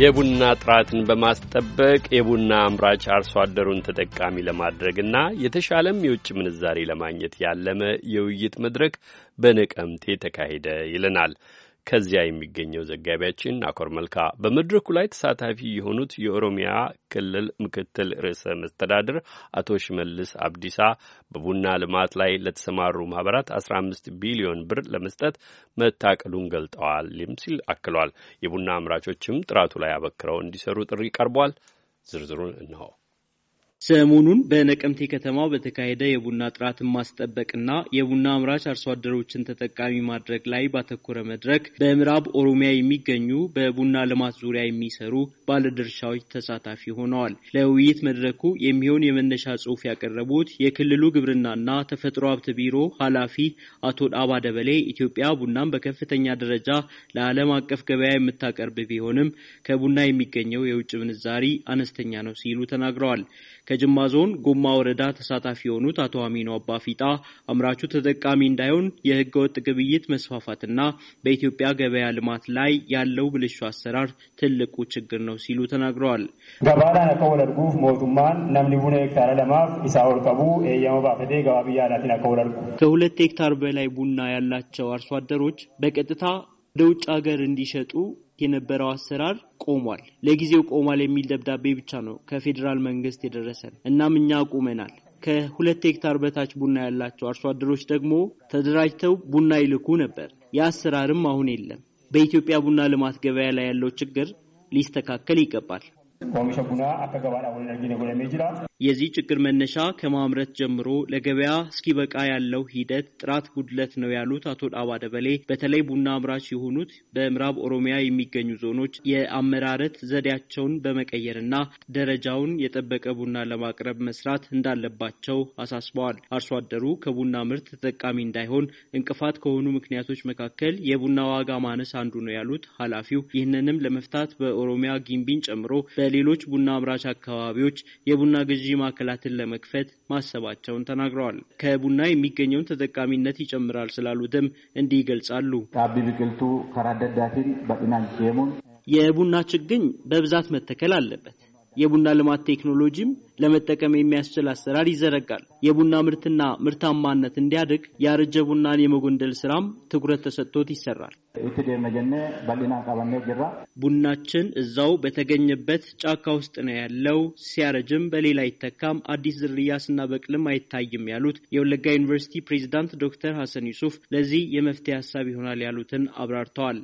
የቡና ጥራትን በማስጠበቅ የቡና አምራች አርሶ አደሩን ተጠቃሚ ለማድረግና የተሻለም የውጭ ምንዛሬ ለማግኘት ያለመ የውይይት መድረክ በነቀምቴ ተካሄደ ይለናል። ከዚያ የሚገኘው ዘጋቢያችን አኮር መልካ በመድረኩ ላይ ተሳታፊ የሆኑት የኦሮሚያ ክልል ምክትል ርዕሰ መስተዳድር አቶ ሽመልስ አብዲሳ በቡና ልማት ላይ ለተሰማሩ ማህበራት 15 ቢሊዮን ብር ለመስጠት መታቀዱን ገልጠዋል ሲል አክሏል። የቡና አምራቾችም ጥራቱ ላይ አበክረው እንዲሰሩ ጥሪ ቀርቧል። ዝርዝሩን እንሆ ሰሞኑን በነቀምቴ ከተማ በተካሄደ የቡና ጥራትን ማስጠበቅና የቡና አምራች አርሶ አደሮችን ተጠቃሚ ማድረግ ላይ ባተኮረ መድረክ በምዕራብ ኦሮሚያ የሚገኙ በቡና ልማት ዙሪያ የሚሰሩ ባለድርሻዎች ተሳታፊ ሆነዋል። ለውይይት መድረኩ የሚሆን የመነሻ ጽሑፍ ያቀረቡት የክልሉ ግብርናና ተፈጥሮ ሀብት ቢሮ ኃላፊ አቶ ዳባ ደበሌ ኢትዮጵያ ቡናን በከፍተኛ ደረጃ ለዓለም አቀፍ ገበያ የምታቀርብ ቢሆንም ከቡና የሚገኘው የውጭ ምንዛሪ አነስተኛ ነው ሲሉ ተናግረዋል። ከጅማ ዞን ጎማ ወረዳ ተሳታፊ የሆኑት አቶ አሚኖ አባ ፊጣ አምራቹ ተጠቃሚ እንዳይሆን የህገ ወጥ ግብይት መስፋፋትና በኢትዮጵያ ገበያ ልማት ላይ ያለው ብልሹ አሰራር ትልቁ ችግር ነው ሲሉ ተናግረዋል። ከሁለት ሄክታር በላይ ቡና ያላቸው አርሶ አደሮች በቀጥታ ወደ ውጭ ሀገር እንዲሸጡ የነበረው አሰራር ቆሟል፣ ለጊዜው ቆሟል የሚል ደብዳቤ ብቻ ነው ከፌዴራል መንግስት የደረሰን። እናም እኛ ቁመናል ከሁለት ሄክታር በታች ቡና ያላቸው አርሶ አደሮች ደግሞ ተደራጅተው ቡና ይልኩ ነበር። የአሰራርም አሁን የለም። በኢትዮጵያ ቡና ልማት ገበያ ላይ ያለው ችግር ሊስተካከል ይገባል። ቡና የዚህ ችግር መነሻ ከማምረት ጀምሮ ለገበያ እስኪበቃ ያለው ሂደት ጥራት ጉድለት ነው ያሉት አቶ ጣባ ደበሌ በተለይ ቡና አምራች የሆኑት በምዕራብ ኦሮሚያ የሚገኙ ዞኖች የአመራረት ዘዴያቸውን በመቀየርና ደረጃውን የጠበቀ ቡና ለማቅረብ መስራት እንዳለባቸው አሳስበዋል። አርሶ አደሩ ከቡና ምርት ተጠቃሚ እንዳይሆን እንቅፋት ከሆኑ ምክንያቶች መካከል የቡና ዋጋ ማነስ አንዱ ነው ያሉት ኃላፊው ይህንንም ለመፍታት በኦሮሚያ ጊምቢን ጨምሮ በሌሎች ቡና አምራች አካባቢዎች የቡና ግዢ የግዢ ማዕከላትን ለመክፈት ማሰባቸውን ተናግረዋል። ከቡና የሚገኘውን ተጠቃሚነት ይጨምራል ስላሉትም እንዲህ ይገልጻሉ። ዳቢ ቢቅልቱ ከራደዳቲን በቅናል የቡና ችግኝ በብዛት መተከል አለበት። የቡና ልማት ቴክኖሎጂም ለመጠቀም የሚያስችል አሰራር ይዘረጋል። የቡና ምርትና ምርታማነት እንዲያድግ ያረጀ ቡናን የመጎንደል ስራም ትኩረት ተሰጥቶት ይሰራል። ቡናችን እዛው በተገኘበት ጫካ ውስጥ ነው ያለው። ሲያረጅም በሌላ አይተካም፣ አዲስ ዝርያ ስናበቅልም አይታይም ያሉት የወለጋ ዩኒቨርሲቲ ፕሬዚዳንት ዶክተር ሀሰን ዩሱፍ ለዚህ የመፍትሄ ሀሳብ ይሆናል ያሉትን አብራርተዋል።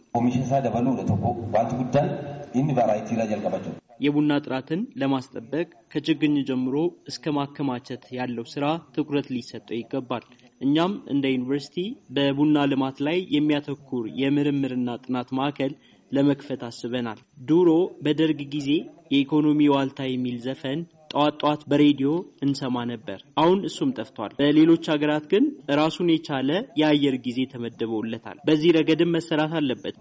የቡና ጥራትን ለማስጠበቅ ከችግኝ ጀምሮ እስከ ማከማቸት ያለው ስራ ትኩረት ሊሰጠው ይገባል። እኛም እንደ ዩኒቨርሲቲ በቡና ልማት ላይ የሚያተኩር የምርምርና ጥናት ማዕከል ለመክፈት አስበናል። ድሮ በደርግ ጊዜ የኢኮኖሚ ዋልታ የሚል ዘፈን ጠዋት ጠዋት በሬዲዮ እንሰማ ነበር። አሁን እሱም ጠፍቷል። በሌሎች ሀገራት ግን ራሱን የቻለ የአየር ጊዜ ተመደበውለታል። በዚህ ረገድም መሰራት አለበት።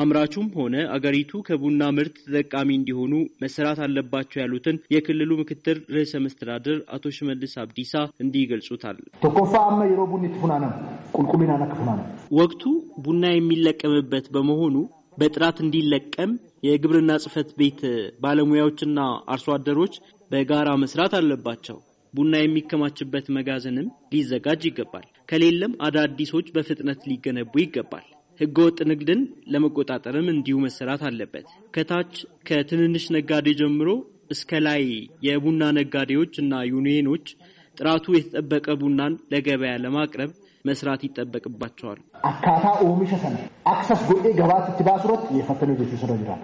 አምራቹም ሆነ አገሪቱ ከቡና ምርት ተጠቃሚ እንዲሆኑ መሰራት አለባቸው ያሉትን የክልሉ ምክትል ርዕሰ መስተዳድር አቶ ሽመልስ አብዲሳ እንዲህ ይገልጹታል። ተኮፋ አመ የሮ ወቅቱ ቡና የሚለቀምበት በመሆኑ በጥራት እንዲለቀም የግብርና ጽህፈት ቤት ባለሙያዎችና አርሶ አደሮች በጋራ መስራት አለባቸው። ቡና የሚከማችበት መጋዘንም ሊዘጋጅ ይገባል። ከሌለም አዳዲሶች በፍጥነት ሊገነቡ ይገባል። ህገወጥ ንግድን ለመቆጣጠርም እንዲሁ መሰራት አለበት። ከታች ከትንንሽ ነጋዴ ጀምሮ እስከ ላይ የቡና ነጋዴዎች እና ዩኒየኖች ጥራቱ የተጠበቀ ቡናን ለገበያ ለማቅረብ መስራት ይጠበቅባቸዋል። አካታ ኦሚሸ ሰነ አክሰስ ጎዴ ገባት ትባስሮት የፈተነ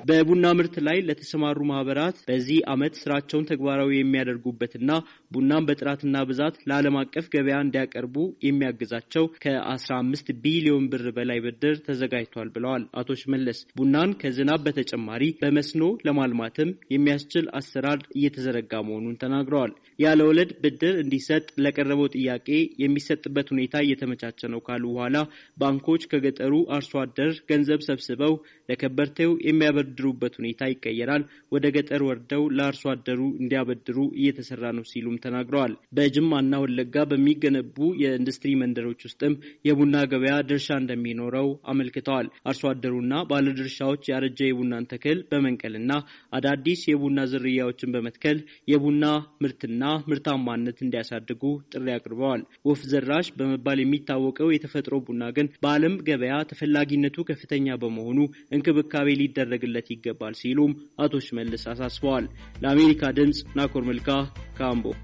በቡና ምርት ላይ ለተሰማሩ ማህበራት በዚህ ዓመት ስራቸውን ተግባራዊ የሚያደርጉበትና ቡናን በጥራትና ብዛት ለዓለም አቀፍ ገበያ እንዲያቀርቡ የሚያግዛቸው ከ15 ቢሊዮን ብር በላይ ብድር ተዘጋጅቷል ብለዋል አቶ ሽመለስ። ቡናን ከዝናብ በተጨማሪ በመስኖ ለማልማትም የሚያስችል አሰራር እየተዘረጋ መሆኑን ተናግረዋል። ያለ ወለድ ብድር እንዲሰጥ ለቀረበው ጥያቄ የሚሰጥበት ሁኔታ እየተ የተመቻቸ ነው ካሉ በኋላ ባንኮች ከገጠሩ አርሶ አደር ገንዘብ ሰብስበው ለከበርቴው የሚያበድሩበት ሁኔታ ይቀየራል፣ ወደ ገጠር ወርደው ለአርሶ አደሩ እንዲያበድሩ እየተሰራ ነው ሲሉም ተናግረዋል። በጅማና ወለጋ በሚገነቡ የኢንዱስትሪ መንደሮች ውስጥም የቡና ገበያ ድርሻ እንደሚኖረው አመልክተዋል። አርሶ አደሩና ባለድርሻዎች ያረጀ የቡናን ተክል በመንቀልና አዳዲስ የቡና ዝርያዎችን በመትከል የቡና ምርትና ምርታማነት እንዲያሳድጉ ጥሪ አቅርበዋል። ወፍ ዘራሽ በመባል የሚ የሚታወቀው የተፈጥሮ ቡና ግን በዓለም ገበያ ተፈላጊነቱ ከፍተኛ በመሆኑ እንክብካቤ ሊደረግለት ይገባል ሲሉም አቶ ሽመልስ አሳስበዋል። ለአሜሪካ ድምፅ ናኮር መልካ ካምቦ